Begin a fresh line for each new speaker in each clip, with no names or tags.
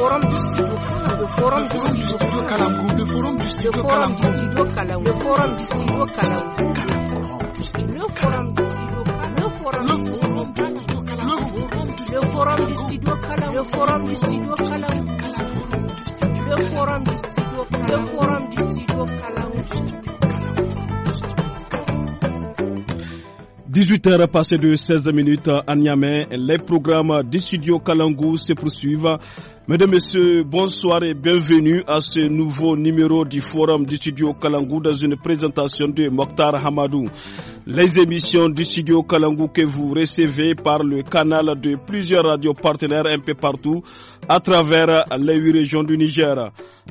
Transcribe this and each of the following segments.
forum du studio le forum studio forum studio forum studio forum studio forum studio forum studio forum studio
18h passées de 16 minutes à Niamey, les programmes du studio Kalangou se poursuivent. Mesdames, Messieurs, bonsoir et bienvenue à ce nouveau numéro du Forum du Studio Kalangou dans une présentation de Mokhtar Hamadou. Les émissions du Studio Kalangou que vous recevez par le canal de plusieurs radios partenaires un peu partout à travers les huit régions du Niger.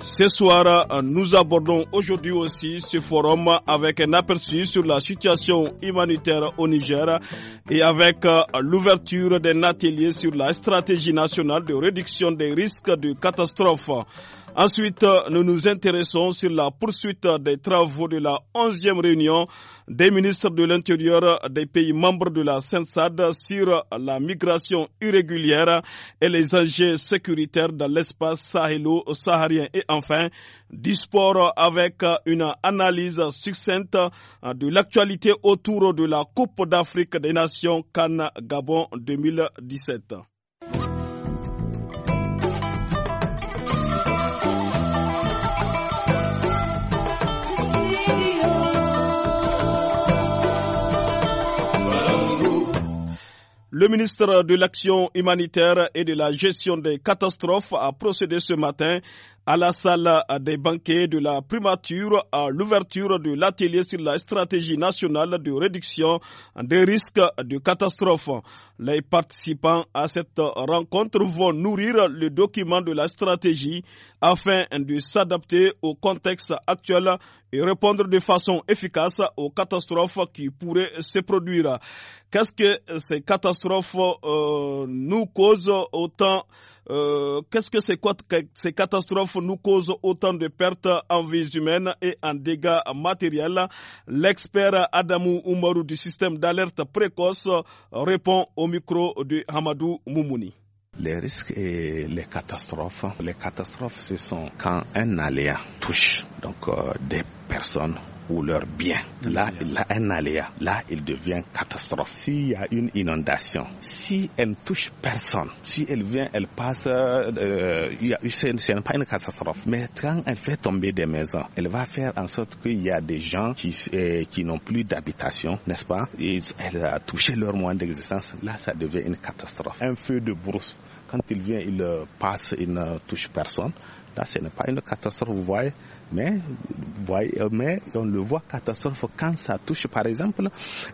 Ce soir, nous abordons aujourd'hui aussi ce forum avec un aperçu sur la situation humanitaire au Niger et avec euh, l'ouverture d'un atelier sur la stratégie nationale de réduction des risques de catastrophe. Ensuite, nous nous intéressons sur la poursuite des travaux de la 11e réunion des ministres de l'Intérieur des pays membres de la CENSAD sur la migration irrégulière et les enjeux sécuritaires dans l'espace sahélo-saharien. Et enfin, du sport avec une analyse succincte de l'actualité autour de la Coupe d'Afrique des Nations Cannes Gabon 2017. Le ministre de l'Action humanitaire et de la gestion des catastrophes a procédé ce matin à la salle des banquets de la primature à l'ouverture de l'atelier sur la stratégie nationale de réduction des risques de catastrophe. Les participants à cette rencontre vont nourrir le document de la stratégie afin de s'adapter au contexte actuel et répondre de façon efficace aux catastrophes qui pourraient se produire. Qu'est-ce que ces catastrophes euh, nous causent autant euh, qu'est-ce que ces, ces catastrophes nous causent autant de pertes en vie humaine et en dégâts matériels L'expert Adamou Oumarou du système d'alerte précoce répond au micro de Hamadou Moumouni.
Les risques et les catastrophes. Les catastrophes, ce sont quand un aléa touche donc euh, des personnes pour leur bien. Là, il a un aléa. Là, il devient catastrophe. S'il y a une inondation, si elle ne touche personne, si elle vient, elle passe, euh, ce n'est pas une catastrophe. Mais quand elle fait tomber des maisons, elle va faire en sorte qu'il y a des gens qui, euh, qui n'ont plus d'habitation, n'est-ce pas Et elle a touché leur moyen d'existence. Là, ça devient une catastrophe. Un feu de brousse, quand il vient, il euh, passe, il ne touche personne. Là, ce n'est pas une catastrophe, vous voyez, mais, euh, mais on le voit catastrophe quand ça touche, par exemple,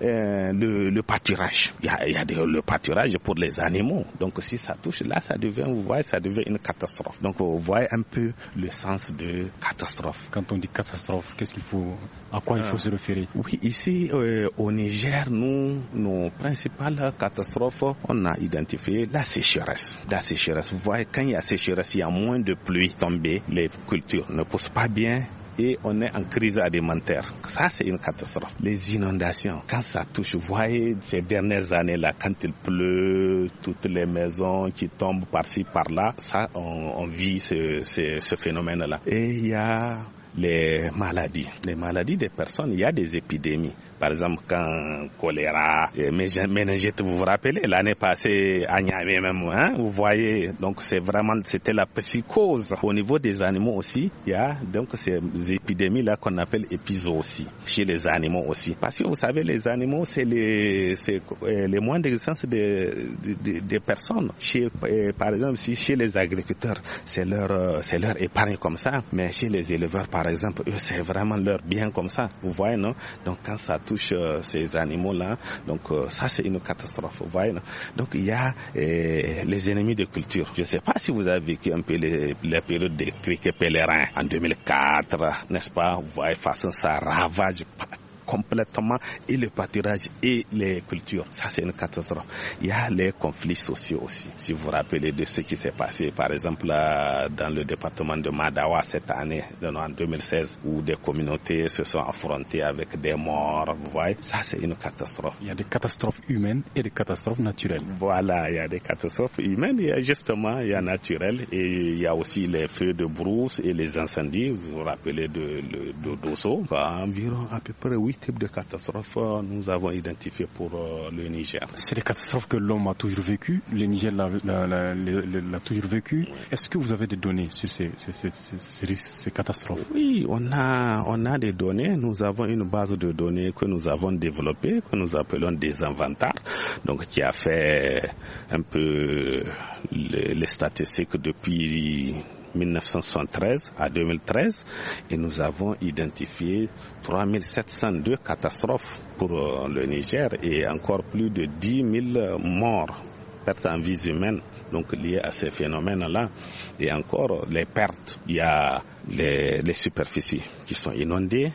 euh, le, pâturage. Il y a, le pâturage pour les animaux. Donc, si ça touche, là, ça devient, vous voyez, ça devient une catastrophe. Donc, vous voyez un peu le sens de catastrophe. Quand on dit catastrophe, qu'est-ce qu'il faut, à quoi il faut ah. se référer Oui, ici, euh, au Niger, nous, nos principales catastrophes, on a identifié la sécheresse. La sécheresse, vous voyez, quand il y a sécheresse, il y a moins de pluie les cultures ne poussent pas bien, et on est en crise alimentaire. Ça, c'est une catastrophe. Les inondations, quand ça touche, vous voyez ces dernières années-là, quand il pleut, toutes les maisons qui tombent par-ci, par-là, ça, on, vit ce phénomène-là. Et il y a les maladies. Les maladies des personnes, il y a des épidémies. Par exemple, quand choléra, méningite, vous vous rappelez, l'année passée, à même, hein, vous voyez, donc c'est vraiment, c'était la psychose. Au niveau des animaux aussi, il y a donc ces épidémies-là qu'on appelle aussi chez les animaux aussi. Parce que vous savez, les animaux, c'est les, euh, les moins d'existence des de, de, personnes. Chez, euh, par exemple, si chez les agriculteurs, c'est leur, euh, c'est leur épargne comme ça, mais chez les éleveurs, par exemple, eux, c'est vraiment leur bien comme ça. Vous voyez, non? Donc quand ça touche euh, ces animaux-là. Donc euh, ça, c'est une catastrophe. Donc il y a eh, les ennemis de culture. Je ne sais pas si vous avez vécu un peu la période des criquets pèlerins en 2004, n'est-ce pas Vous voyez, façon, ça ravage complètement et le pâturage et les cultures. Ça, c'est une catastrophe. Il y a les conflits sociaux aussi. Si vous vous rappelez de ce qui s'est passé, par exemple, euh, dans le département de Madawa cette année, en 2016, où des communautés se sont affrontées avec des morts, vous voyez, ça, c'est une catastrophe. Il y a des catastrophes
humaines et des catastrophes naturelles.
Voilà, il y a des catastrophes humaines, il y a justement, il y a naturelles, et il y a aussi les feux de brousse et les incendies. Vous vous rappelez de, Dosso, bah, environ à peu près oui types de catastrophes euh, nous avons identifiés pour
euh, le Niger. C'est des catastrophes que l'homme a toujours vécu. le Niger l'a toujours vécu. Est-ce que vous avez des données sur ces, catastrophes Oui, on
a, des données. Nous avons une base de données que nous avons développée, que nous appelons des inventaires, donc qui a fait un peu les statistiques depuis 1973 à 2013 et nous avons identifié 3702 catastrophes pour euh, le Niger et encore plus de 10 000 morts pertes en vie humaine donc liées à ces phénomènes-là, et encore les pertes. Il y a les, les superficies qui sont inondées,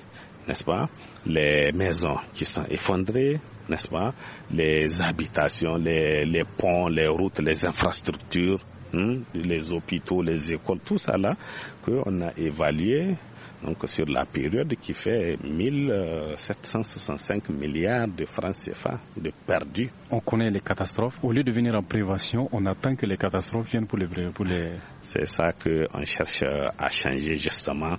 n'est-ce pas Les maisons qui sont effondrées, n'est-ce pas Les habitations, les, les ponts, les routes, les infrastructures, Hmm, les hôpitaux, les écoles, tout ça là, qu'on a évalué donc sur
la période qui fait 1765 milliards de francs CFA de perdus. On connaît les catastrophes. Au lieu de venir en prévention, on attend que les catastrophes viennent pour les...
C'est ça qu'on cherche euh, à changer justement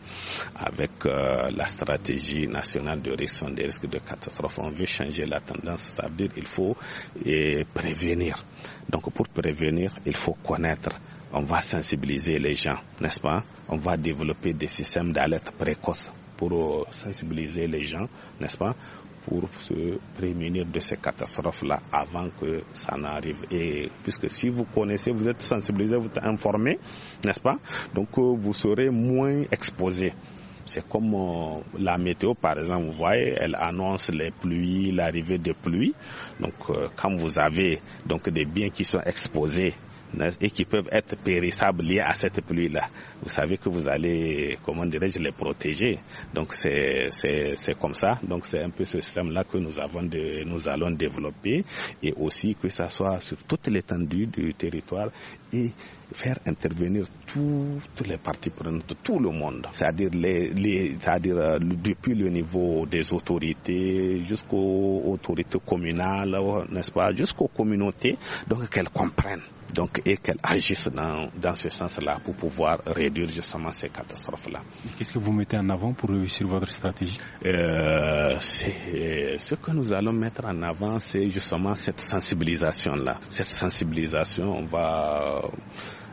avec euh, la stratégie nationale de réduction des risques de catastrophes. On veut changer la tendance, c'est-à-dire il faut prévenir. Donc pour prévenir, il faut connaître. On va sensibiliser les gens, n'est-ce pas On va développer des systèmes d'alerte précoce pour euh, sensibiliser les gens, n'est-ce pas pour se prémunir de ces catastrophes-là avant que ça n'arrive. Et puisque si vous connaissez, vous êtes sensibilisé, vous êtes informé, n'est-ce pas Donc euh, vous serez moins exposé. C'est comme euh, la météo, par exemple, vous voyez, elle annonce les pluies, l'arrivée des pluies. Donc, euh, quand vous avez donc des biens qui sont exposés et qui peuvent être périssables liés à cette pluie-là. Vous savez que vous allez, comment dirais-je, les protéger. Donc c'est comme ça. Donc c'est un peu ce système-là que nous avons, de, nous allons développer et aussi que ça soit sur toute l'étendue du territoire et faire intervenir
toutes
les parties prenantes, tout le monde, c'est-à-dire les, c'est-à-dire euh, depuis le niveau des autorités jusqu'aux autorités communales, n'est-ce pas, jusqu'aux communautés, donc qu'elles comprennent donc, et qu'elles agissent dans, dans ce sens-là pour pouvoir réduire justement ces catastrophes-là.
Qu'est-ce que vous mettez en avant pour réussir votre stratégie euh, euh, Ce que nous allons mettre en avant,
c'est justement cette sensibilisation-là. Cette sensibilisation, on va...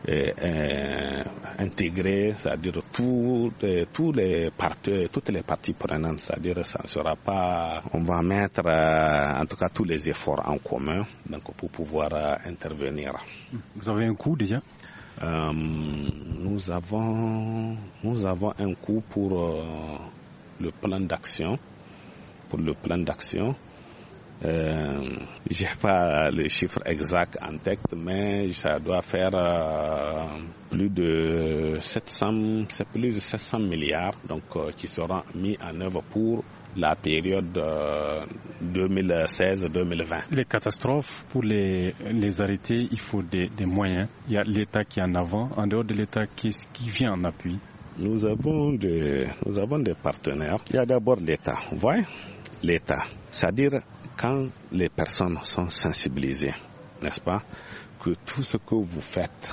Euh, intégrer, c'est-à-dire tout, euh, tous les parties, toutes les parties prenantes, c'est-à-dire ça ne sera pas, on va mettre euh, en tout cas tous les efforts en commun donc pour pouvoir intervenir.
Vous avez un coût déjà
euh, nous avons nous avons un coût pour le plan d'action pour le plan d'action euh, je pas le chiffre exact en tête, mais ça doit faire euh, plus de 700, c'est plus de 700 milliards donc euh, qui seront mis en œuvre pour la période 2016-2020.
Euh, les catastrophes, pour les, les arrêter, il faut des, moyens. Il y a l'État qui est en avant, en dehors de l'État qui, qui vient en appui.
Nous avons des, nous avons des partenaires. Il y a d'abord l'État, vous voyez L'État, c'est-à-dire quand les personnes sont sensibilisées, n'est-ce pas, que tout ce que vous faites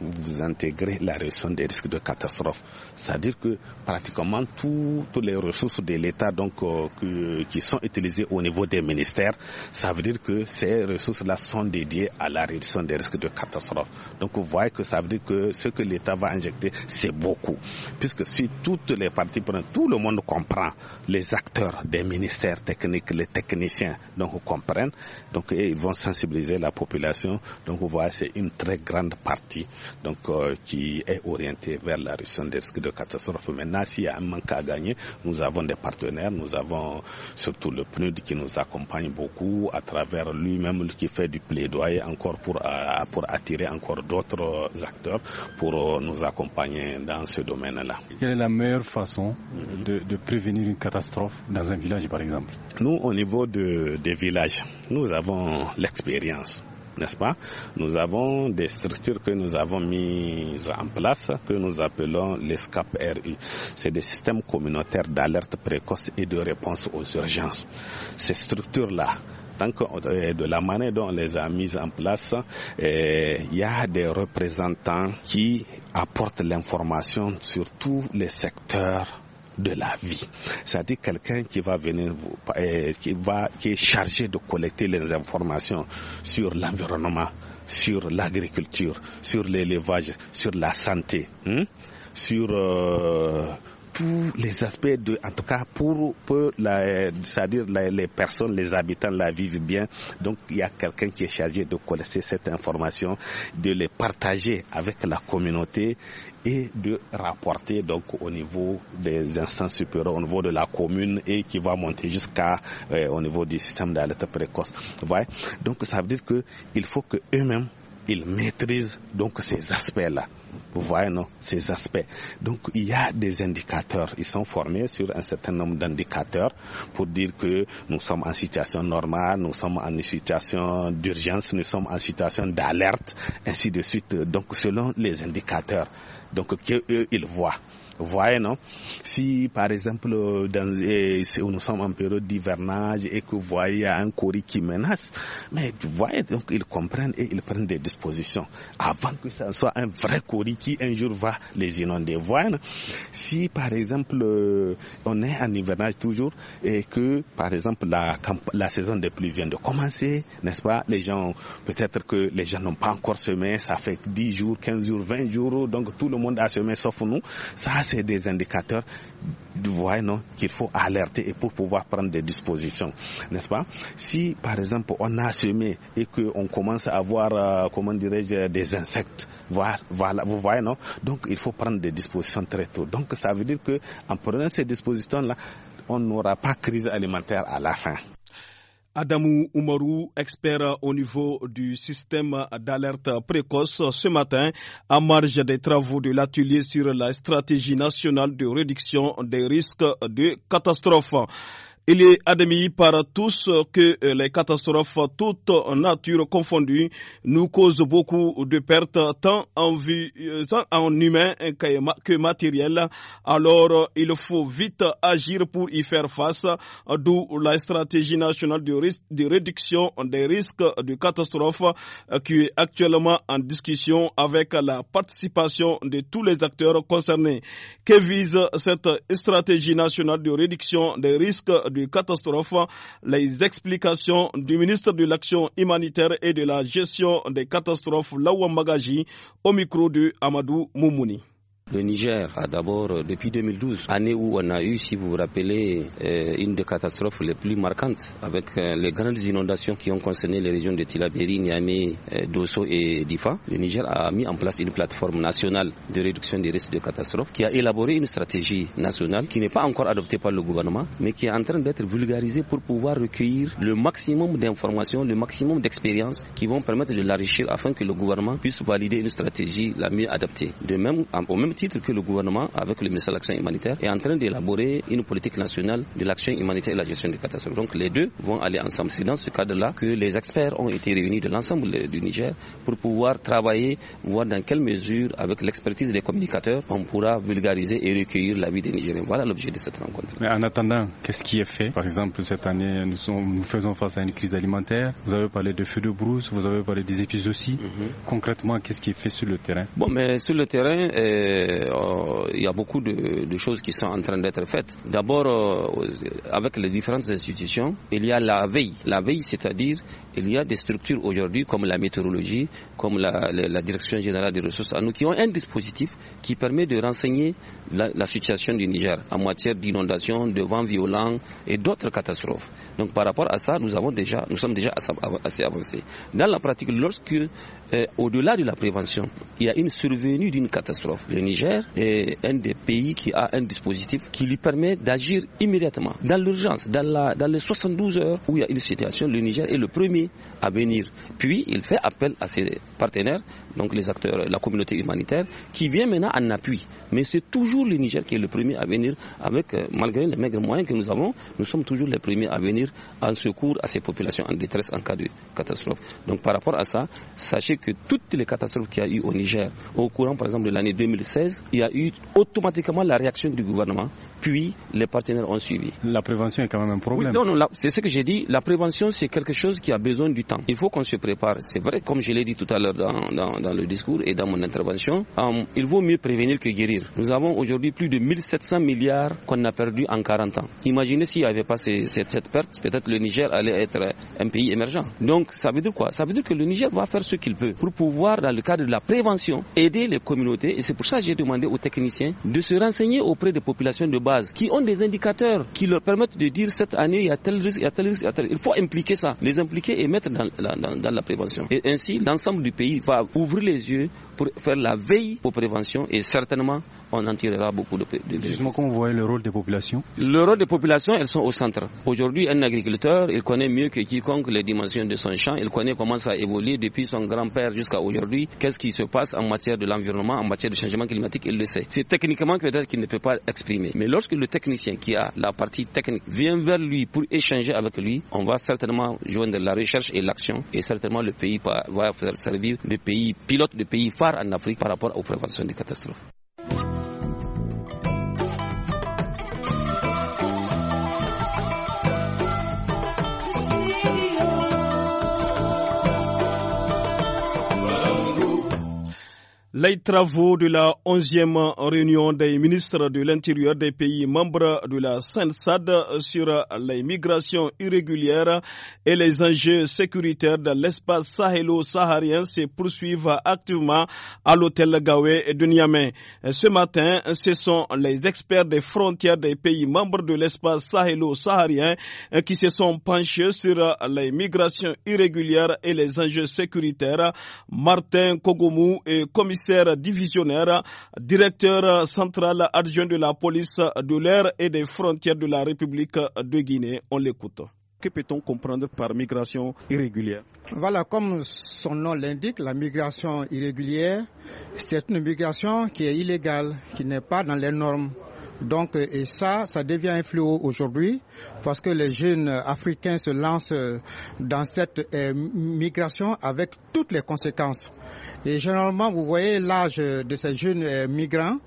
vous intégrez la réduction des risques de catastrophe. C'est-à-dire que pratiquement toutes les ressources de l'État donc euh, qui sont utilisées au niveau des ministères, ça veut dire que ces ressources-là sont dédiées à la réduction des risques de catastrophe. Donc vous voyez que ça veut dire que ce que l'État va injecter, c'est beaucoup. Puisque si toutes les parties prennent, tout le monde comprend, les acteurs des ministères techniques, les techniciens, donc comprennent, donc ils vont sensibiliser la population. Donc vous voyez, c'est une très grande partie donc euh, qui est orienté vers la réduction des risques de catastrophe. Maintenant, s'il y a un manque à gagner, nous avons des partenaires, nous avons surtout le PNUD qui nous accompagne beaucoup à travers lui-même qui fait du plaidoyer encore pour, euh, attirer encore d'autres euh, acteurs pour nous accompagner dans ce domaine-là.
Quelle est la meilleure façon mhm. de, prévenir une catastrophe dans un village, par exemple Nous, au niveau des villages,
nous avons l'expérience n'est-ce pas Nous avons des structures que nous avons mises en place que nous appelons les SCAP RU. C'est des systèmes communautaires d'alerte précoce et de réponse aux urgences. Ces structures-là, euh, de la manière dont on les a mises en place, il euh, y a des représentants qui apportent l'information sur tous les secteurs de la vie. C'est-à-dire quelqu'un qui va venir, vous, euh, qui, va, qui est chargé de collecter les informations sur l'environnement, sur l'agriculture, sur l'élevage, sur la santé, hein, sur euh, tous les aspects de, en tout cas pour, pour c'est-à-dire les personnes, les habitants la vivent bien. Donc il y a quelqu'un qui est chargé de collecter cette information, de les partager avec la communauté et de rapporter donc au niveau des instances supérieures, au niveau de la commune et qui va monter jusqu'à euh, au niveau du système d'alerte précoce. Vous Donc ça veut dire que il faut que eux-mêmes ils maîtrisent donc ces aspects-là. Vous voyez, non Ces aspects. Donc, il y a des indicateurs. Ils sont formés sur un certain nombre d'indicateurs pour dire que nous sommes en situation normale, nous sommes en situation d'urgence, nous sommes en situation d'alerte, ainsi de suite. Donc, selon les indicateurs, donc, eux ils voient voyez, non Si, par exemple, dans, eh, nous sommes en période d'hivernage et que vous voyez un courrier qui menace, mais vous voyez, donc ils comprennent et ils prennent des dispositions avant que ça soit un vrai courrier qui un jour va les inonder. voyez, Si, par exemple, on est en hivernage toujours et que, par exemple, la, la saison des pluies vient de commencer, n'est-ce pas Les gens, peut-être que les gens n'ont pas encore semé, ça fait 10 jours, 15 jours, 20 jours, donc tout le monde a semé sauf nous. Ça, c'est des indicateurs non, qu'il faut alerter et pour pouvoir prendre des dispositions, n'est-ce pas Si par exemple on a semé et que on commence à avoir euh, comment dirais-je des insectes, voilà, vous voyez non Donc il faut prendre des dispositions très tôt. Donc ça veut dire que en prenant ces dispositions là, on n'aura pas crise alimentaire à la fin.
Adamou Oumarou, expert au niveau du système d'alerte précoce, ce matin, à marge des travaux de l'atelier sur la stratégie nationale de réduction des risques de catastrophes. Il est admis par tous que euh, les catastrophes, toutes nature confondues, nous causent beaucoup de pertes, tant en, vue euh, en humain que matériel. Alors, il faut vite agir pour y faire face, d'où la stratégie nationale de, risque, de réduction des risques de catastrophe euh, qui est actuellement en discussion avec la participation de tous les acteurs concernés. Que vise cette stratégie nationale de réduction des risques de catastrophe, les explications du ministre de l'Action humanitaire et de la gestion des catastrophes Lawa Magaji au micro de Amadou Moumouni.
Le Niger a d'abord, euh, depuis 2012, année où on a eu, si vous vous rappelez, euh, une des catastrophes les plus marquantes avec euh, les grandes inondations qui ont concerné les régions de Tilaberi, Niamey, Dosso et Difa. Le Niger a mis en place une plateforme nationale de réduction des risques de catastrophe, qui a élaboré une stratégie nationale qui n'est pas encore adoptée par le gouvernement, mais qui est en train d'être vulgarisée pour pouvoir recueillir le maximum d'informations, le maximum d'expériences qui vont permettre de l'enrichir afin que le gouvernement puisse valider une stratégie la mieux adaptée. De même, même titre que le gouvernement, avec le ministère de l'Action humanitaire, est en train d'élaborer une politique nationale de l'action humanitaire et la gestion des catastrophes. Donc les deux vont aller ensemble. C'est dans ce cadre-là que les experts ont été réunis de l'ensemble du Niger pour pouvoir travailler, voir dans quelle mesure, avec l'expertise des communicateurs, on pourra vulgariser et recueillir vie des Nigériens. Voilà l'objet de cette rencontre.
Mais en attendant, qu'est-ce qui est fait Par exemple, cette année, nous, sommes, nous, faisons face à une crise alimentaire. Vous avez parlé de feux de brousse, vous avez parlé des épisodes aussi. Mhm. Concrètement, qu'est-ce qui est fait sur le terrain
Bon, mais sur le terrain, euh, euh, euh, il y a beaucoup de, choses qui sont en train d'être faites. D'abord, euh, avec les différentes institutions, il y a la veille. La veille, c'est-à-dire, il y a des structures aujourd'hui comme la météorologie, comme la, Direction générale des ressources à qui ont un dispositif qui permet de renseigner la, situation du Niger en matière d'inondation de vents violents et d'autres catastrophes. Donc par rapport à ça, nous avons déjà, nous sommes déjà assez avancés. Dans la pratique, lorsque euh, au-delà de la prévention, il y a une survenue d'une catastrophe, le Niger est un des pays qui a un dispositif qui lui permet d'agir immédiatement, dans l'urgence, dans, la, dans les 72 heures où il y a une situation, le Niger est le premier à venir. Puis il fait appel à ses partenaires, donc les acteurs, la communauté humanitaire, qui vient maintenant en appui. Mais c'est toujours le Niger qui est le premier à venir, avec, euh, malgré les maigres moyens que nous avons, nous sommes toujours les premiers à venir en secours à ces populations en détresse en cas de catastrophe. Donc par rapport à ça, sachez que toutes les catastrophes qu'il y a eu au Niger, au courant par exemple de l'année 2016, il y a eu automatiquement la réaction du gouvernement, puis les partenaires ont suivi. La prévention est quand même un problème. non, non, c'est ce que j'ai dit. La prévention, c'est quelque chose qui a besoin du il faut qu'on se prépare. C'est vrai, comme je l'ai dit tout à l'heure dans, dans, dans, le discours et dans mon intervention, euh, il vaut mieux prévenir que guérir. Nous avons aujourd'hui plus de 1700 milliards qu'on a perdu en 40 ans. Imaginez s'il n'y avait pas cette, cette perte, peut-être le Niger allait être un pays émergent. Donc ça veut dire quoi Ça veut dire que le Niger va faire ce qu'il peut pour pouvoir, dans le cadre de la prévention, aider les communautés. Et c'est pour ça que j'ai demandé aux techniciens de se renseigner auprès des populations de base qui ont des indicateurs qui leur permettent de dire cette année il y a tel risque, il y a tel risque, il y a tel risque. Il faut impliquer ça, les impliquer et mettre dans la, prévention. Et ainsi, l'ensemble du pays va ouvrir les yeux pour faire la veille aux préventions et certainement on en tirera beaucoup de, Justement,
comment vous voyez le rôle des populations
Le rôle des populations, elles sont au centre. Aujourd'hui, un agriculteur, il connaît mieux que quiconque les dimensions de son champ, il connaît comment ça évolue depuis son grand-père jusqu'à aujourd'hui, qu'est-ce qui se passe en matière de l'environnement, en matière de changement climatique, il le sait. C'est techniquement peut-être qu'il ne peut pas exprimer. Mais lorsque le technicien qui a la partie technique vient vers lui pour échanger avec lui, on va certainement joindre la recherche et la et certainement le pays va servir de pays pilote, de pays phare en Afrique par rapport aux préventions des catastrophes.
Les travaux de la 11e réunion des ministres de l'Intérieur des pays membres de la SENSAD sur les migrations irrégulières et les enjeux sécuritaires de l'espace sahélo-saharien se poursuivent actuellement à l'hôtel Gawé de Niamey. Ce matin, ce sont les experts des frontières des pays membres de l'espace sahélo-saharien qui se sont penchés sur les migrations irrégulières et les enjeux sécuritaires. Martin Kogomou est commissaire divisionnaire, directeur central adjoint de la police de l'air et des frontières de la République de Guinée. On l'écoute. Que peut-on comprendre par migration irrégulière
Voilà, comme son nom l'indique, la migration irrégulière, c'est une migration qui est illégale, qui n'est pas dans les normes. Donc, euh, et ça, ça devient un fléau aujourd'hui parce que les jeunes africains se lancent euh, dans cette euh, migration avec toutes les conséquences. Et généralement, vous voyez l'âge de ces jeunes migrants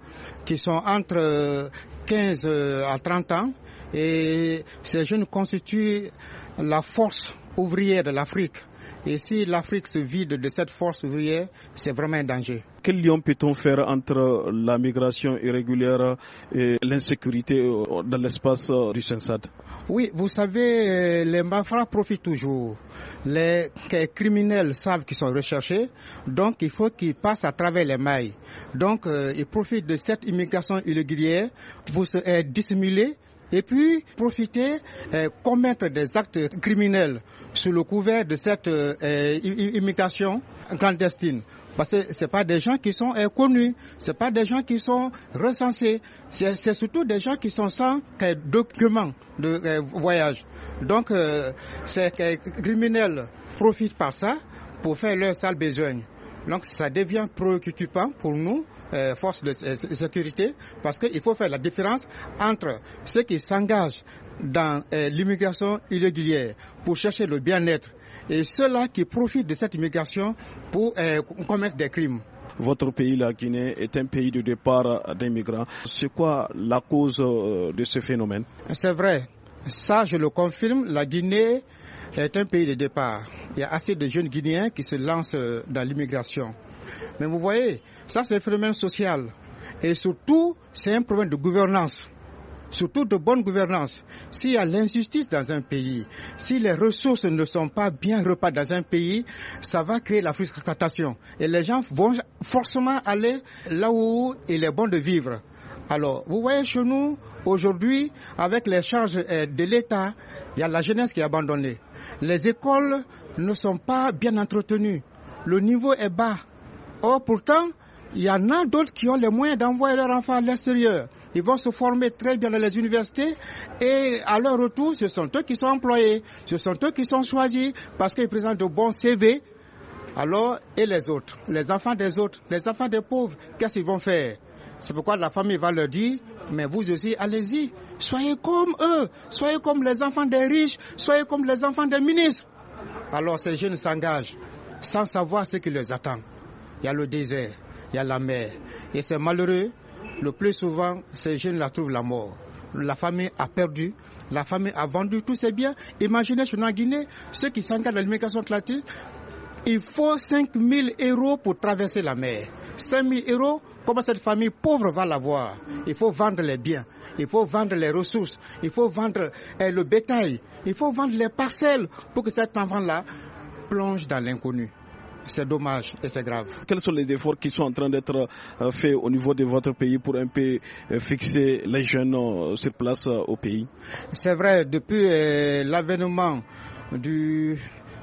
qui sont entre 15 à 30 ans et ces jeunes constituent la force ouvrière de l'Afrique. Et si l'Afrique se vide de cette force ouvrière, c'est vraiment un danger. Quel lien peut-on
faire entre la migration irrégulière et l'insécurité euh, dans l'espace
euh, du Sensat Oui, vous savez, euh, les mafras profitent toujours. Les criminels savent qu'ils sont recherchés, donc il faut qu'ils passent à travers les mailles. Donc ils profitent de cette immigration irrégulière pour se dissimuler et puis profiter, euh, commettre des actes criminels sous le couvert de cette euh, immigration clandestine. Parce que ce pas des gens qui sont inconnus, connus, sont pas des gens qui sont recensés, c'est surtout des gens qui sont sans euh, documents de voyage. Donc ces criminels profitent par ça pour faire leur sale besogne. Donc ça devient préoccupant pour nous, euh, forces de euh, sécurité, parce qu'il faut faire la différence entre ceux qui s'engagent dans euh, l'immigration irrégulière pour chercher le bien-être et ceux-là qui profitent de cette immigration pour commettre des crimes. Votre pays, la Guinée, est un pays de départ d'immigrants. C'est quoi la cause de ce phénomène C'est vrai, ça, je le confirme, la Guinée est un pays de départ. Il y a assez de jeunes Guinéens qui se lancent euh, dans l'immigration. Mais vous voyez, ça c'est un phénomène social. Et surtout, c'est un problème de gouvernance surtout de bonne gouvernance. S'il y a l'injustice dans un pays, si les ressources ne sont pas bien reparties dans un pays, ça va créer la frustration. Et les gens vont forcément aller là où il est bon de vivre. Alors, vous voyez chez nous, aujourd'hui, avec les charges euh, de l'État, il y a la jeunesse qui est abandonnée. Les écoles ne sont pas bien entretenues. Le niveau est bas. Or, pourtant, il y en a d'autres qui ont les moyens d'envoyer leurs enfants à l'extérieur. Ils vont se former très bien dans les universités et à leur retour, ce sont eux qui sont employés, ce sont eux qui sont choisis parce qu'ils présentent de bons CV. Alors, et les autres, les enfants des autres, les enfants des pauvres, qu'est-ce qu'ils vont faire c'est pourquoi la famille va leur dire, mais vous aussi, allez-y, soyez comme eux, soyez comme les enfants des riches, soyez comme les enfants des ministres. Alors ces jeunes s'engagent sans savoir ce qui les attend. Il y a le désert, il y a la mer. Et c'est malheureux, le plus souvent, ces jeunes la trouvent la mort. La famille a perdu, la famille a vendu tous ses biens. Imaginez, je suis en Guinée, ceux qui s'engagent dans l'immigration latine il faut 5 000 euros pour traverser la mer. 5 000 euros, comment cette famille pauvre va l'avoir Il faut vendre les biens, il faut vendre les ressources, il faut vendre eh, le bétail, il faut vendre les parcelles pour que cette enfant-là plonge dans l'inconnu. C'est dommage et c'est grave. Quels sont les efforts qui sont en train d'être
euh, faits au niveau de votre pays pour un peu euh, fixer les jeunes euh, sur place au pays
C'est vrai, depuis eh, l'avènement du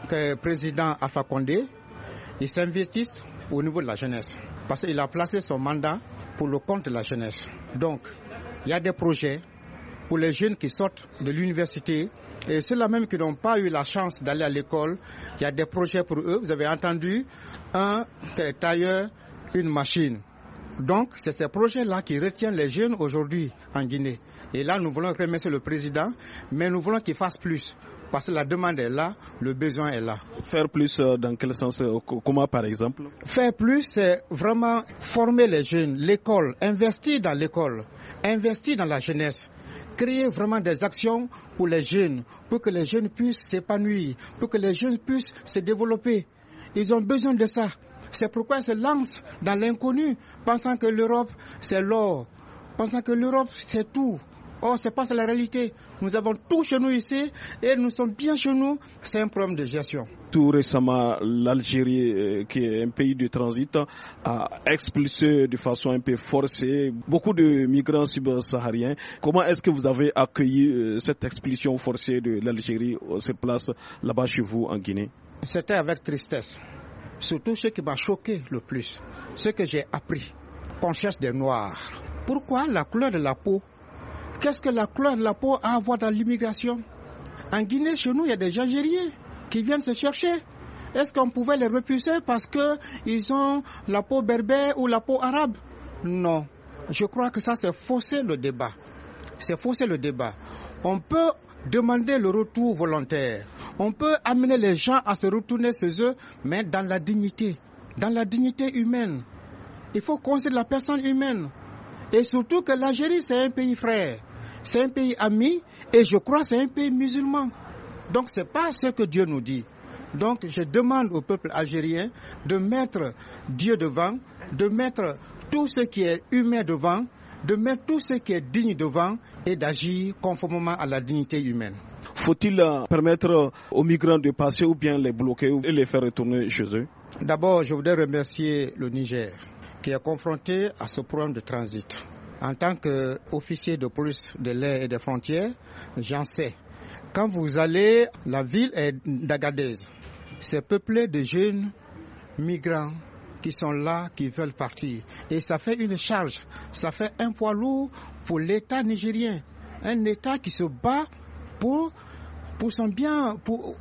que le président Alpha Condé s'investisse au niveau de la jeunesse. Parce qu'il a placé son mandat pour le compte de la jeunesse. Donc, il y a des projets pour les jeunes qui sortent de l'université. Et ceux-là même qui n'ont pas eu la chance d'aller à l'école, il y a des projets pour eux. Vous avez entendu un tailleur, une machine. Donc, c'est ces projets-là qui retiennent les jeunes aujourd'hui en Guinée. Et là, nous voulons remercier le président, mais nous voulons qu'il fasse plus. Parce que la demande est là, le besoin est là. Faire plus euh, dans quel sens euh, Comment par exemple Faire plus, c'est vraiment former les jeunes, l'école, investir dans l'école, investir dans la jeunesse créer vraiment des actions pour les jeunes, pour que les jeunes puissent s'épanouir, pour que les jeunes puissent se développer. Ils ont besoin de ça. C'est pourquoi ils se lancent dans l'inconnu, pensant que l'Europe, c'est l'or, pensant que l'Europe, c'est tout. On c'est pas pas la réalité. Nous avons tout chez nous ici et nous sommes bien chez nous. C'est un problème de gestion. Tout
récemment, l'Algérie, euh, qui est un pays de transit, a expulsé de façon un peu forcée beaucoup de migrants subsahariens. Comment est-ce que vous avez accueilli euh, cette expulsion forcée de l'Algérie euh, sur place là-bas chez vous en Guinée
C'était avec tristesse. Surtout ce qui m'a choqué le plus, ce que j'ai appris, qu'on des noirs. Pourquoi la couleur de la peau Qu'est-ce que la couleur de la peau a à voir dans l'immigration En Guinée, chez nous, il y a des Algériens qui viennent se chercher. Est-ce qu'on pouvait les repousser parce qu'ils ont la peau berbère ou la peau arabe Non. Je crois que ça, c'est fausser le débat. C'est fausser le débat. On peut demander le retour volontaire. On peut amener les gens à se retourner chez eux, mais dans la dignité, dans la dignité humaine. Il faut considérer la personne humaine. Et surtout que l'Algérie, c'est un pays frère c'est un pays ami et je crois que c'est un pays musulman. Donc ce n'est pas ce que Dieu nous dit. Donc je demande au peuple algérien de mettre Dieu devant, de mettre tout ce qui est humain devant, de mettre tout ce qui est digne devant et d'agir conformément à la dignité humaine.
Faut-il euh, permettre aux migrants de passer ou bien les bloquer et les faire retourner chez eux
D'abord, je voudrais remercier le Niger qui est confronté à ce problème de transit. En tant qu'officier de police de l'air et des frontières, j'en sais. Quand vous allez, la ville est d'Agadez. C'est peuplé de jeunes migrants qui sont là, qui veulent partir. Et ça fait une charge, ça fait un poids lourd pour l'État nigérien. Un État qui se bat pour, pour son bien, pour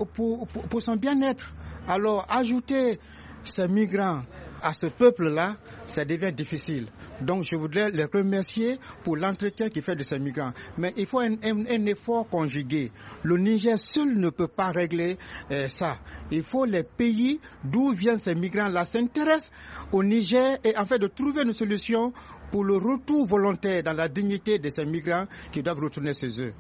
son bien-être. Alors, ajouter ces migrants à ce peuple-là, ça devient difficile. Donc je voudrais les remercier pour l'entretien qu'ils font de ces migrants. Mais il faut un, effort conjugué. Le Niger seul ne peut pas régler euh, ça. Il faut les pays d'où viennent ces migrants-là s'intéressent au Niger et en fait de trouver une solution pour le retour volontaire dans la dignité de ces migrants qui doivent retourner chez eux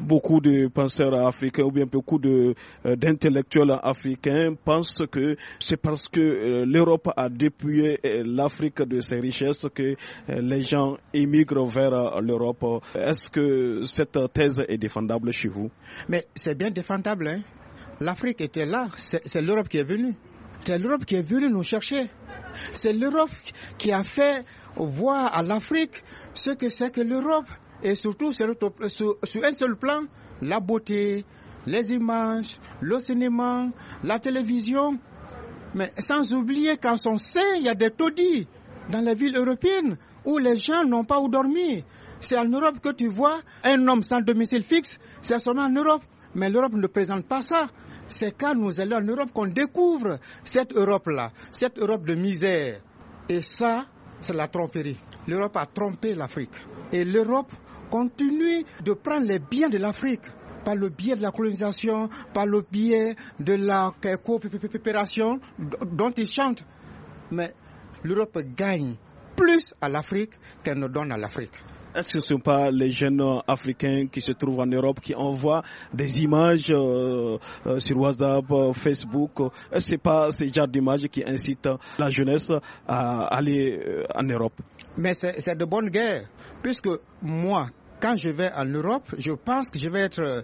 beaucoup de penseurs africains ou bien beaucoup euh, d'intellectuels africains pensent que c'est parce que euh, l'Europe a dépouillé euh, l'Afrique de ses richesses que les gens émigrent vers l'Europe. Est-ce que cette thèse
est défendable chez vous Mais c'est bien défendable. Hein. L'Afrique était là, c'est l'Europe qui est venue. C'est l'Europe qui est venue nous chercher. C'est l'Europe qui a fait voir à l'Afrique ce que c'est que l'Europe et surtout sur, un seul plan, la beauté, les images, le cinéma, la télévision. Mais sans oublier qu'en son sein, il y a des taudis dans les villes européennes où les gens n'ont pas où dormir. C'est en Europe que tu vois un homme sans domicile fixe, c'est seulement en Europe. Mais l'Europe ne présente pas ça. C'est quand nous allons en Europe qu'on découvre cette Europe-là, cette Europe de misère. Et ça, c'est la tromperie. L'Europe a trompé l'Afrique. Et l'Europe Continue de prendre les biens de l'Afrique par le biais de la colonisation, par le biais de la euh, coopération dont ils chantent. Mais l'Europe gagne plus à l'Afrique qu'elle ne donne à l'Afrique. Est-ce que ce ne sont pas les jeunes africains qui se trouvent
en Europe qui envoient des images euh, euh, sur WhatsApp, euh, Facebook
Est-ce que ce n'est pas ces genres d'images qui incitent la jeunesse à aller en Europe Mais c'est de bonne guerre, puisque moi, quand je vais en Europe, je pense que je vais être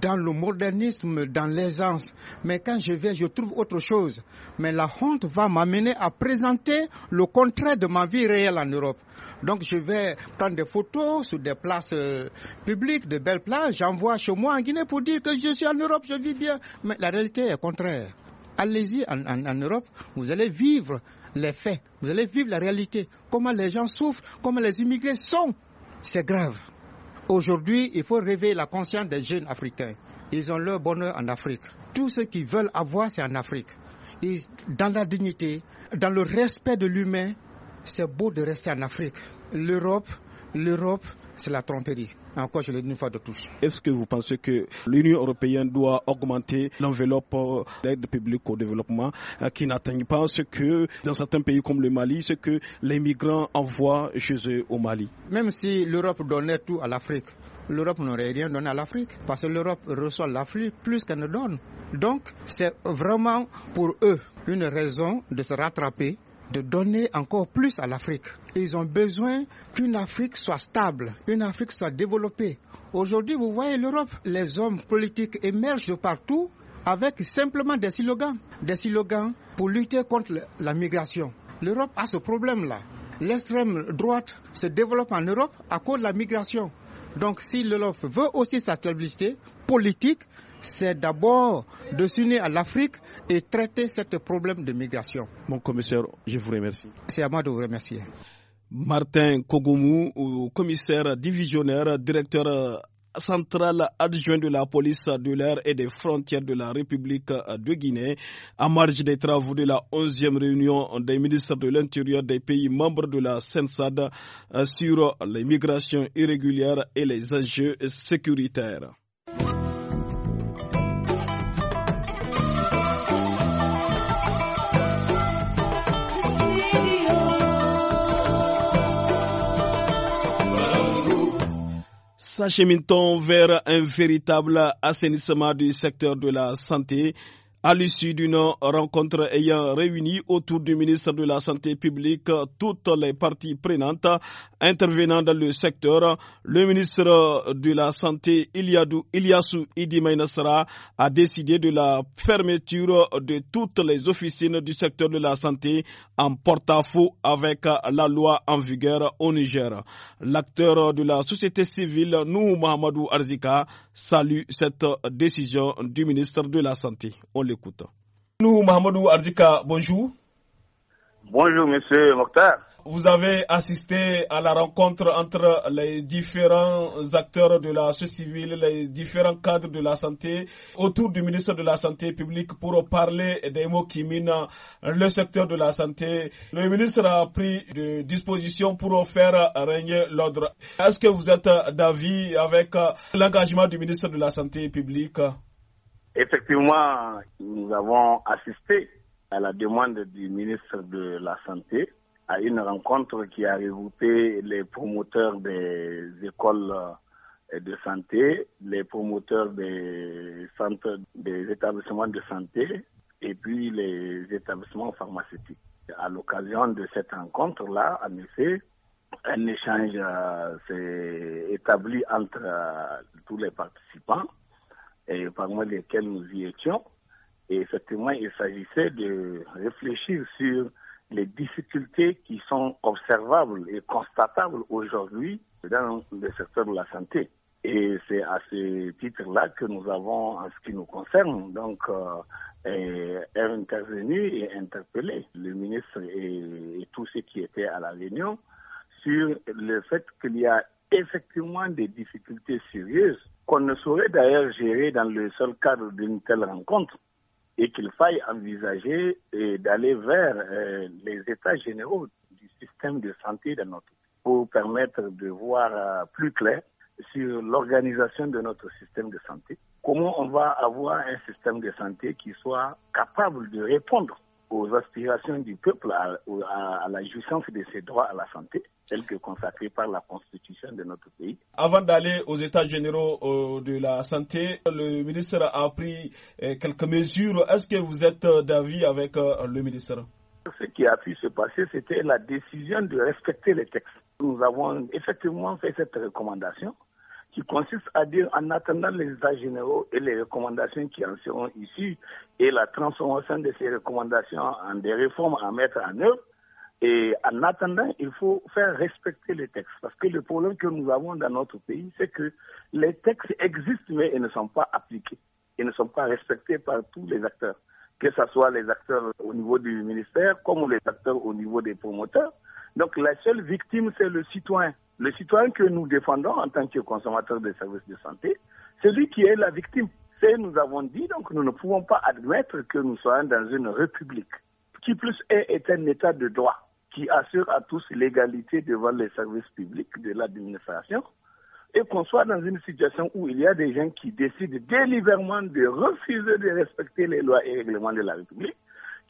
dans le modernisme, dans l'aisance. Mais quand je vais, je trouve autre chose. Mais la honte va m'amener à présenter le contraire de ma vie réelle en Europe. Donc je vais prendre des photos sur des places euh, publiques, de belles places, j'envoie chez moi en Guinée pour dire que je suis en Europe, je vis bien. Mais la réalité est contraire. Allez-y en, Europe, vous allez vivre les faits, vous allez vivre la réalité, comment les gens souffrent, comment les immigrés sont. C'est grave. Aujourd'hui, il faut réveiller la conscience des jeunes Africains. Ils ont leur bonheur en Afrique. Tout ce qu'ils veulent avoir, c'est en Afrique. dans la dignité, dans le respect de l'humain, c'est beau de rester en Afrique. L'Europe, l'Europe, c'est la tromperie. Encore, je le dis une fois de tous. Est-ce que vous pensez que l'Union européenne doit augmenter l'enveloppe euh, d'aide
publique au développement euh, qui n'atteigne pas ce que, dans certains pays comme le Mali, ce que les
migrants envoient chez eux au Mali Même si l'Europe donnait tout à l'Afrique, l'Europe n'aurait rien donné à l'Afrique parce que l'Europe reçoit l'Afrique plus qu'elle ne donne. Donc, c'est vraiment pour eux une raison de se rattraper de donner encore plus à l'Afrique. Ils ont besoin qu'une Afrique soit stable, une Afrique soit développée. Aujourd'hui, vous voyez l'Europe, les hommes politiques émergent partout avec simplement des slogans, des slogans pour lutter contre la migration. L'Europe a ce problème-là. L'extrême droite se développe en Europe à cause de la migration. Donc si l'Europe veut aussi sa stabilité politique, c'est d'abord de s'unir à l'Afrique et traiter ce problème de migration. Mon commissaire, je vous remercie. C'est à moi de vous remercier.
Martin Kogumu, commissaire divisionnaire, directeur central adjoint de la police de l'air et des frontières de la République de Guinée, à marge des travaux de la 11e réunion des ministres de l'Intérieur des pays membres de la SENSAD sur les migrations irrégulières et les enjeux sécuritaires. sachemine vers un véritable assainissement du secteur de la santé à l'issue d'une rencontre ayant réuni autour du ministre de la Santé publique toutes les parties prenantes intervenant dans le secteur, le ministre de la Santé Iliadou Iliassou Idi a décidé de la fermeture de toutes les officines du secteur de la santé en porte-à-faux avec la loi en vigueur au Niger. L'acteur de la société civile, Noumou Mahamadou Arzika, salue cette décision du ministre de la Santé. Nous, Ardika, bonjour. Bonjour, monsieur Mokhtar. Vous avez assisté à la rencontre entre les différents acteurs de la société civile, les différents cadres de la santé, autour du ministre de la Santé publique pour parler des mots qui minent le secteur de la santé. Le ministre a pris des dispositions pour faire régner l'ordre. Est-ce que vous êtes d'avis avec l'engagement du ministre de la Santé publique
Effectivement, nous avons assisté à la demande du ministre de la Santé à une rencontre qui a regroupé les promoteurs des écoles euh, de santé, les promoteurs des établissements de santé et puis les établissements pharmaceutiques. À l'occasion de cette rencontre-là, en effet, un échange euh, s'est établi entre euh, tous les participants et parmi lesquels nous y étions. Et effectivement, il s'agissait de réfléchir sur les difficultés qui sont observables et constatables aujourd'hui dans le secteur de la santé. Et c'est à ce titre-là que nous avons, en ce qui nous concerne, donc, euh, intervenu et interpellé le ministre et tous ceux qui étaient à la réunion sur le fait qu'il y a effectivement des difficultés sérieuses qu'on ne saurait d'ailleurs gérer dans le seul cadre d'une telle rencontre et qu'il faille envisager euh, d'aller vers euh, les états généraux du système de santé de notre pays pour permettre de voir euh, plus clair sur l'organisation de notre système de santé. Comment on va avoir un système de santé qui soit capable de répondre aux aspirations du peuple à la jouissance de ses droits à la santé que consacré par la Constitution de notre pays.
Avant d'aller aux États généraux euh, de la santé, le ministre a pris eh, quelques mesures. Est-ce que vous êtes euh, d'avis avec euh, le ministre
Ce qui a pu se passer, c'était
la décision de
respecter les textes. Nous avons effectivement fait cette recommandation qui consiste à dire en attendant les états généraux et les recommandations qui en seront issues et la transformation de ces recommandations en des réformes à mettre en œuvre, et en attendant, il faut faire respecter les textes. Parce que le problème que nous avons dans notre pays, c'est que les textes existent, mais ils ne sont pas appliqués. Ils ne sont pas respectés par tous les acteurs. Que ce soit les acteurs au niveau du ministère, comme les acteurs au niveau des promoteurs. Donc la seule victime, c'est le citoyen. Le citoyen que nous défendons en tant que consommateur des services de santé, c'est lui qui est la victime. C'est nous avons dit, donc nous ne pouvons pas admettre que nous soyons dans une république, qui plus est, est un état de droit qui assure à tous l'égalité devant les services publics de l'administration et qu'on soit dans une situation où il y a des gens qui décident délibérément de refuser de respecter les lois et règlements de la République,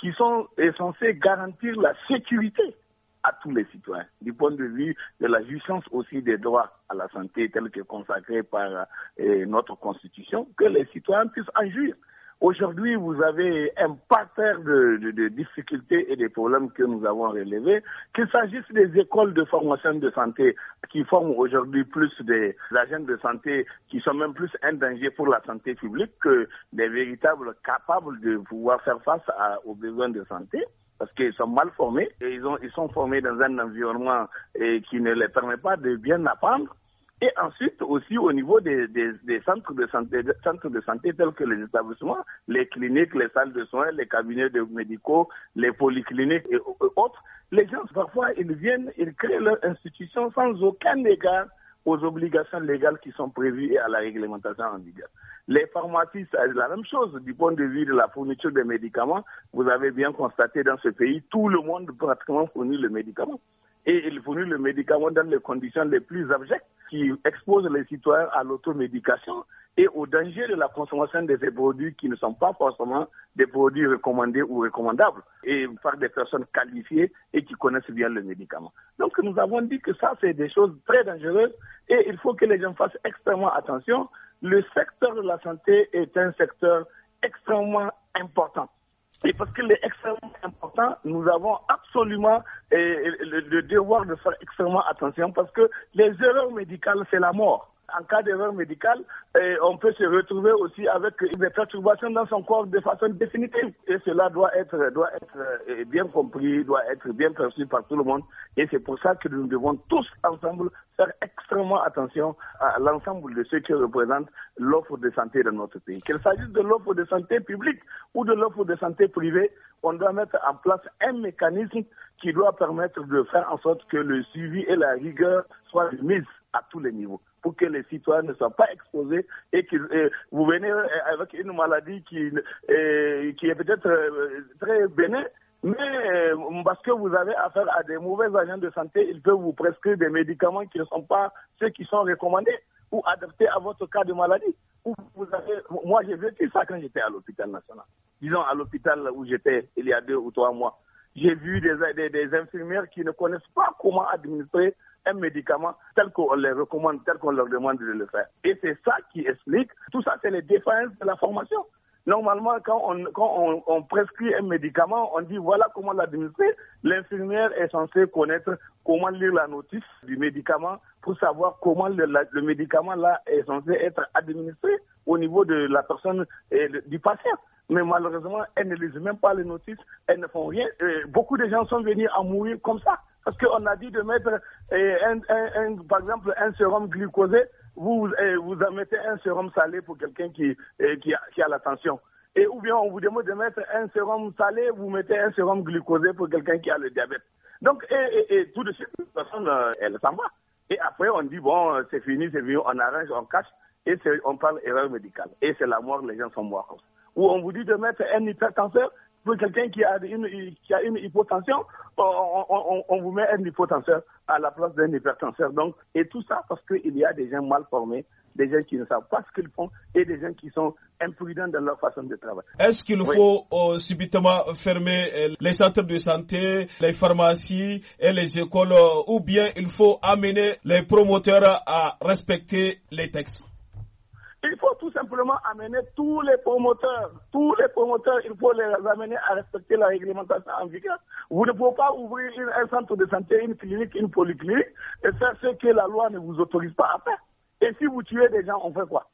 qui sont censés garantir la sécurité à tous les citoyens, du point de vue de la jouissance aussi des droits à la santé tels que consacrés par euh, notre Constitution, que les citoyens puissent en jouir. Aujourd'hui, vous avez un parterre de, de, difficultés et des problèmes que nous avons relevés, qu'il s'agisse des écoles de formation de santé qui forment aujourd'hui plus des agents de santé qui sont même plus un danger pour la santé publique que des véritables capables de pouvoir faire face aux besoins de santé parce qu'ils sont mal formés et ils, ont, ils sont formés dans un environnement qui ne les permet pas de bien apprendre. Et ensuite aussi au niveau des, des, des centres de santé, centres de santé tels que les établissements, les cliniques, les salles de soins, les cabinets de médicaux, les polycliniques et autres, les gens parfois ils viennent, ils créent leur institution sans aucun égard aux obligations légales qui sont prévues et à la réglementation en vigueur. Les pharmacies, c'est la même chose du point de vue de la fourniture des médicaments. Vous avez bien constaté dans ce pays, tout le monde pratiquement fournit le médicament et faut fournissent le médicament dans les conditions les plus abjectes qui exposent les citoyens à l'automédication et au danger de la consommation de ces produits qui ne sont pas forcément des produits recommandés ou recommandables et par des personnes qualifiées et qui connaissent bien le médicament. Donc nous avons dit que ça, c'est des choses très dangereuses et il faut que les gens fassent extrêmement attention. Le secteur de la santé est un secteur extrêmement important et parce qu'il est extrêmement important, nous avons absolument le, devoir de faire extrêmement attention parce que les erreurs médicales, c'est la mort. En cas d'erreur médicale, on peut se retrouver aussi avec des perturbations dans son corps de façon définitive. Et cela doit être, doit être euh, bien compris, doit être bien perçu par tout le monde. Et c'est pour ça que nous devons tous ensemble faire extrêmement attention à l'ensemble de ceux qui représentent l'offre de santé de notre pays. Qu'il s'agisse de l'offre de santé publique ou de l'offre de santé privée, on doit mettre en place un mécanisme qui doit permettre de faire en sorte que le suivi et la rigueur soient mises à tous les niveaux pour que les citoyens ne soient pas exposés et que vous venez euh, avec une maladie qui, euh, qui est peut-être euh, très bénigne. Mais parce que vous avez affaire à des mauvais agents de santé, ils peuvent vous prescrire des médicaments qui ne sont pas ceux qui sont recommandés ou adaptés à votre cas de maladie. où vous avez, moi, j'ai vécu ça quand j'étais à l'hôpital national. Disons à l'hôpital où j'étais il y a deux ou trois mois. J'ai vu des, des, infirmières qui ne connaissent pas comment administrer un médicament tel qu'on les recommande, tel qu'on leur demande de le faire. Et c'est ça qui explique, tout ça, c'est les défaillances de la formation. Normalement, quand, on, prescrit un médicament, on dit voilà comment l'administrer. L'infirmière est censée connaître comment lire la notice du médicament pour savoir comment le, médicament là est censé être administré au niveau de la personne et du patient. Mais malheureusement, elles ne lisent même pas les notices, elles ne font rien. beaucoup de gens sont venus à mourir comme ça. Parce qu'on a dit de mettre, eh, par exemple, un sérum glucosé, vous, vous eh, mettez un sérum salé pour quelqu'un qui, eh, qui, a, la tension. Et ou bien on vous demande de mettre un sérum salé, vous mettez un sérum glucosé pour quelqu'un qui a le diabète. Donc, et, tout de suite, la personne, euh, elle s'en va. Et après, on dit, bon, euh, c'est fini, c'est fini, on arrange, on cache, et on parle erreur médicale. Et c'est la mort, les gens sont morts. Ou on vous dit de mettre un hypertenseur, quelqu'un qui, a une, qui a une hypotension, on, vous met un hypotenseur à la place d'un hypertenseur. Donc, et tout ça parce qu'il y a des gens mal formés, des gens qui ne savent pas ce qu'ils font et des gens qui sont imprudents dans leur façon de travailler.
Est-ce qu'il faut euh, subitement fermer euh, les centres de santé, les pharmacies et les écoles euh, ou bien il faut amener les promoteurs à respecter les textes
il faut tout simplement amener tous les promoteurs, tous les promoteurs, il faut les amener à respecter la réglementation en vigueur. Vous ne pouvez pas ouvrir un centre de santé, une clinique, une polyclinique et faire ce que la loi ne vous autorise pas à faire. Et si vous tuez des gens, on fait quoi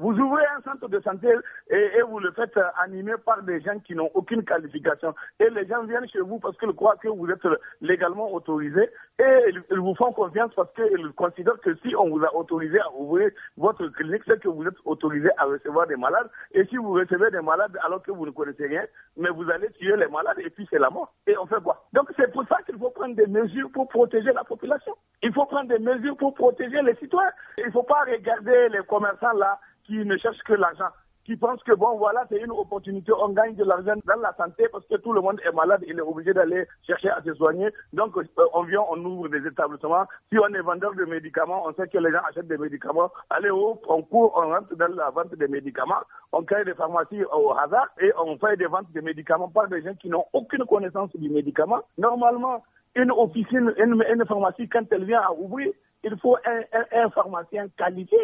vous ouvrez un centre de santé et, vous le faites euh, animer par des gens qui n'ont aucune qualification. Et les gens viennent chez vous parce qu'ils croient que vous êtes légalement autorisé et ils vous font confiance parce qu'ils considèrent que si on vous a autorisé à ouvrir votre clinique, c'est que vous êtes autorisé à recevoir des malades. Et si vous recevez des malades alors que vous ne connaissez rien, mais vous allez tuer les malades et puis c'est la mort. Et on fait quoi Donc c'est pour ça qu'il faut prendre des mesures pour protéger la population. Il faut prendre des mesures pour protéger les citoyens. Il ne faut pas regarder les commerçants là qui ne cherchent que l'argent, qui pensent que bon, voilà, c'est une opportunité, on gagne de l'argent dans la santé parce que tout le monde est malade, il est obligé d'aller chercher à se soigner. Donc, euh, on vient, on ouvre des établissements. Si on est vendeur de médicaments, on sait que les gens achètent des médicaments. Allez, hop, on court, on rentre dans la vente des médicaments, on crée des pharmacies au hasard et on fait des ventes de médicaments par des gens qui n'ont aucune connaissance du médicament. Normalement, une officine, une, une pharmacie, quand elle vient à ouvrir, il faut un, un pharmacien qualifié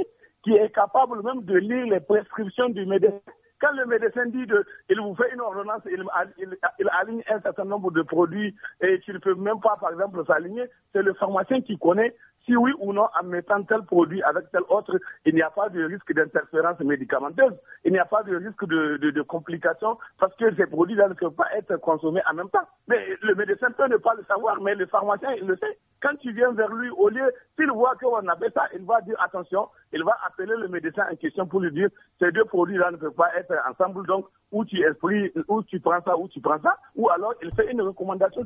qui est capable même de lire les prescriptions du médecin. Quand le médecin dit de, il vous fait une ordonnance, il, aligne un certain nombre de produits et tu ne peux même pas, par exemple, s'aligner, c'est le pharmacien qui connaît si oui ou non, en mettant tel produit avec tel autre, il n'y a pas de risque d'interférence médicamenteuse, il n'y a pas de risque de, de, complications, parce que ces produits-là ne peuvent pas être consommés en même temps. Mais le médecin peut ne pas le savoir, mais le pharmacien, il le sait. Quand tu viens vers lui, au lieu, s'il voit qu'on a pas ça, il va dire attention, il va appeler le médecin en question pour lui dire ces deux produits-là ne peuvent pas être ensemble, donc où tu es pris, où tu prends ça, où tu prends ça, ou alors il fait une recommandation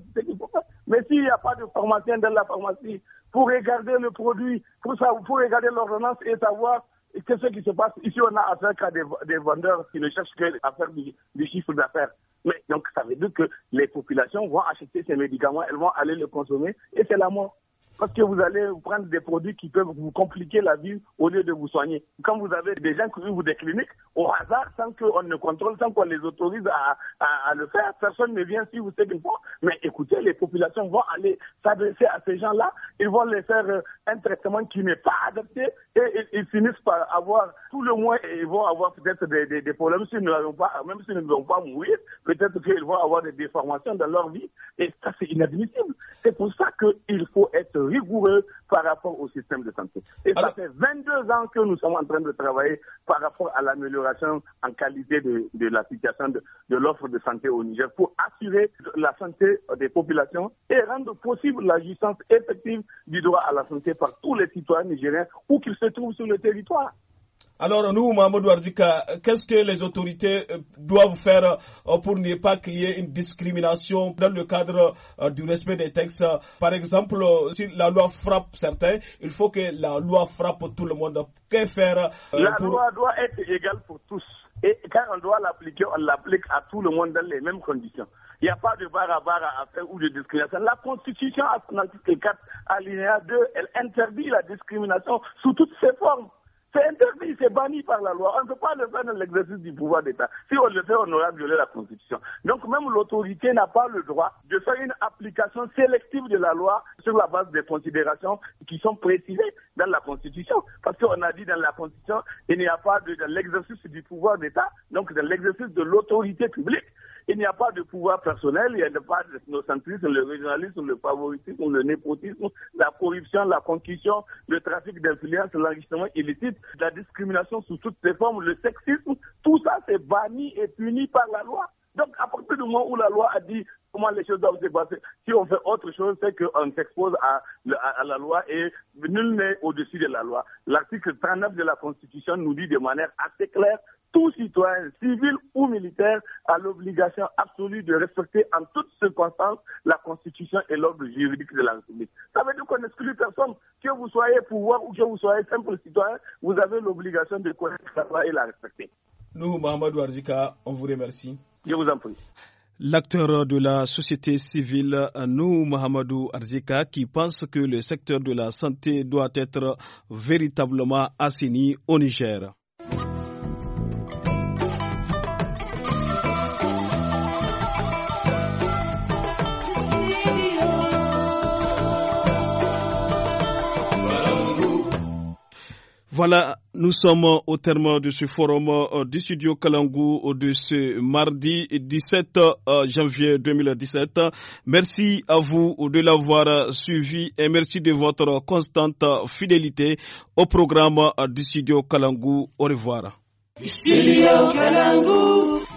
Mais s'il n'y a pas de pharmacien dans la pharmacie pour regarder le produit, pour, ça, regarder l'ordonnance et savoir qu'est-ce qui se passe, ici on a affaire à des, des vendeurs qui ne cherchent qu'à faire du, chiffre d'affaires. Mais donc ça veut dire que les populations vont acheter ces médicaments, elles vont aller le consommer et c'est la mort. Parce que vous allez prendre des produits qui peuvent vous compliquer la vie au lieu de vous soigner. Quand vous avez des gens qui ouvrent des cliniques, au hasard, sans qu'on ne contrôle, sans qu'on les autorise à, le faire, personne ne vient si vous savez une Mais écoutez, les populations vont aller s'adresser à ces gens-là, ils vont les faire euh, un traitement qui n'est pas adapté et, ils, finissent par avoir tout le moins, ils vont avoir peut-être des, problèmes même s'ils ne vont pas mourir, peut-être qu'ils vont avoir des déformations dans leur vie et ça c'est inadmissible. C'est pour ça qu'il faut être rigoureux par rapport au système de santé. Et ça fait 22 ans que nous sommes en train de travailler par rapport à l'amélioration en qualité de, de l'application de, de l'offre de santé au Niger pour assurer la santé des populations et rendre possible la effective
du droit à la santé par tous les citoyens nigériens où qu'ils se trouvent sur le territoire. Alors nous, Mahmoud Wardika, qu'est-ce que les autorités euh, doivent faire euh, pour ne pas qu'il y ait une discrimination dans le cadre euh, du respect des textes Par exemple, si la loi frappe certains, il faut que la loi frappe tout le monde. Que faire La loi
doit être égale pour
tous. Et quand on doit l'appliquer, on l'applique à tout le monde dans les mêmes
conditions. Il n'y a pas de barre à barre à faire ou de discrimination. La Constitution, à son article 4, alinéa 2, elle interdit la discrimination sous toutes ses formes. C'est interdit, c'est banni par la loi. On ne peut pas le faire dans l'exercice du pouvoir d'État. Si on le fait, on aura violé la Constitution. Donc même l'autorité n'a pas le droit de faire une application sélective de la loi sur la base des considérations qui sont précisées dans la Constitution. Parce qu'on a dit dans la Constitution, il n'y a pas de, l'exercice du pouvoir d'État, donc dans l'exercice de l'autorité publique. Il n'y a pas de pouvoir personnel, il n'y a pas de d'ethnocentrisme, le régionalisme, le favoritisme, le népotisme, la corruption, la concussion, le trafic d'influence, l'enrichissement illicite, la discrimination sous toutes ses formes, le sexisme. Tout ça, c'est banni et puni par la loi. Donc, à partir du moment où la loi a dit comment les choses doivent se passer, si on fait autre chose, c'est qu'on s'expose à, la loi et nul n'est au-dessus de la loi. L'article 39 de la Constitution nous dit de manière assez claire tout citoyen, civil ou militaire, a l'obligation absolue de respecter en toutes circonstances la Constitution et l'ordre juridique de la République. Ça veut dire qu'on n'exclut personne. Que vous soyez pouvoir ou que vous soyez simple citoyen, vous avez l'obligation de connaître
la loi et la respecter. Nous, Mohamedou Arzika, on vous remercie. Je vous en prie. L'acteur de la société civile, nous, Mohamedou Arzika, qui pense que le secteur de la santé doit être véritablement assaini au Niger. Voilà, nous sommes au terme de ce forum euh, du studio Kalangou euh, de ce mardi 17 euh, janvier 2017. Merci à vous de l'avoir suivi et merci de votre constante fidélité au programme du studio Kalangou. Au revoir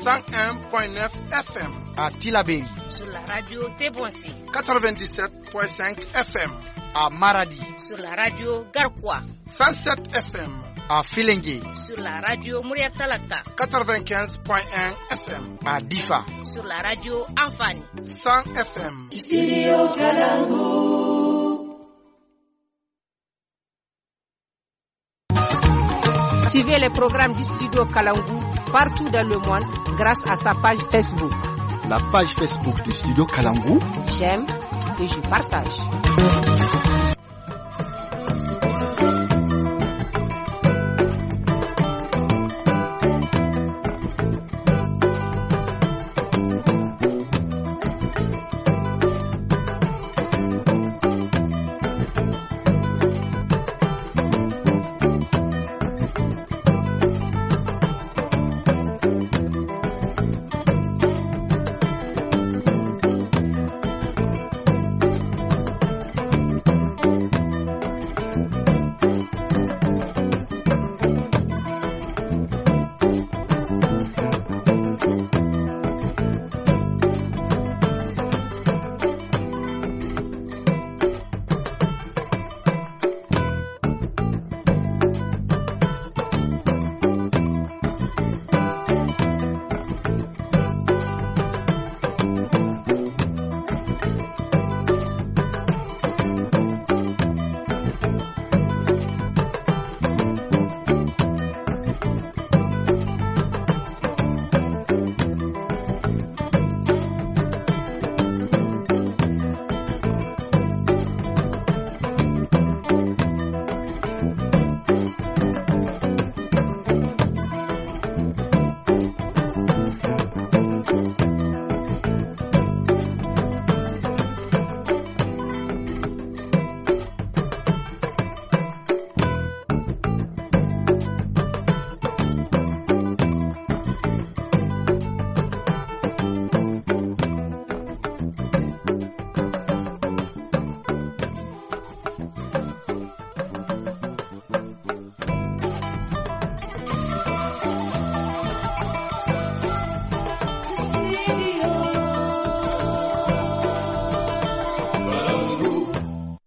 101.9 FM à Tilabéri. Sur la radio Téboissé. 97.5 FM à Maradi. Sur la radio Garkwa. 107 FM à Filingue. Sur la radio Muriatalata 95.1 FM à Difa. Sur la radio Anfani. 100 FM. Studio Suivez les programmes du studio Kalangou partout dans le monde grâce à sa page Facebook. La page Facebook du studio Kalangou. J'aime et je partage.